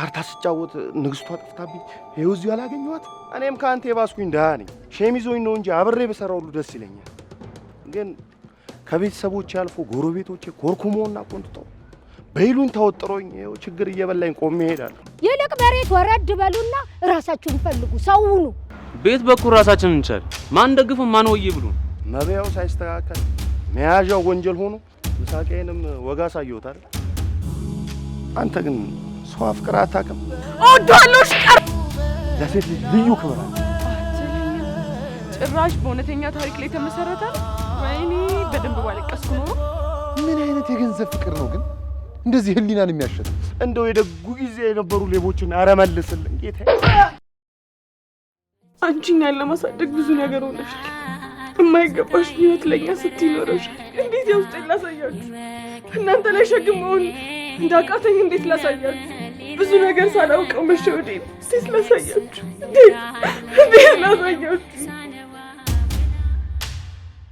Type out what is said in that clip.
ካርታ ስጫወት ንግስቷ ጠፍታብኝ ይኸው እዚሁ አላገኘኋት። እኔም ከአንተ የባስኩኝ ድሃ ነኝ። ሸሚዞኝ ነው እንጂ አብሬ በሰራው ሁሉ ደስ ይለኛል። ግን ከቤተሰቦች ያልፎ ጎረቤቶቼ ኮርኩሞና ቆንጥጦ በይሉኝ ተወጥሮኝ ይኸው ችግር እየበላኝ ቆሜ እሄዳለሁ። ይልቅ መሬት ወረድ በሉና ራሳችሁን ፈልጉ፣ ሰው ሁኑ። ቤት በኩል ራሳችን እንቻል ማን ደግፉ ማን ወይ ብሉ መብያው ሳይስተካከል መያዣው ወንጀል ሆኖ ምሳቄንም ወጋ ሳይወታል። አንተ ግን ሰው አፍቅራ አታውቅም። እወድሃለሁ። ቀር ለሴት ልጅ ልዩ ክብር አለ። ጭራሽ በእውነተኛ ታሪክ ላይ የተመሰረተ ወይኔ፣ በደንብ ባለቀስኩ ኖሮ። ምን አይነት የገንዘብ ፍቅር ነው ግን እንደዚህ ህሊናን የሚያሸጥ? እንደው የደጉ ጊዜ የነበሩ ሌቦችን አረ ጌታ። አንቺ እኛን ለማሳደግ ብዙ ነገር ሆነሻል። የማይገባሽ ህይወት ለእኛ ስትይኖረሻል። እንዴት የውስጤን ላሳያችሁ? እናንተ ላይ ሸግመውን እንዳቃተኝ እንዴት ላሳያችሁ? ብዙ ነገር ሳላውቀው መሸወዴ ሴት ላሳያችሁ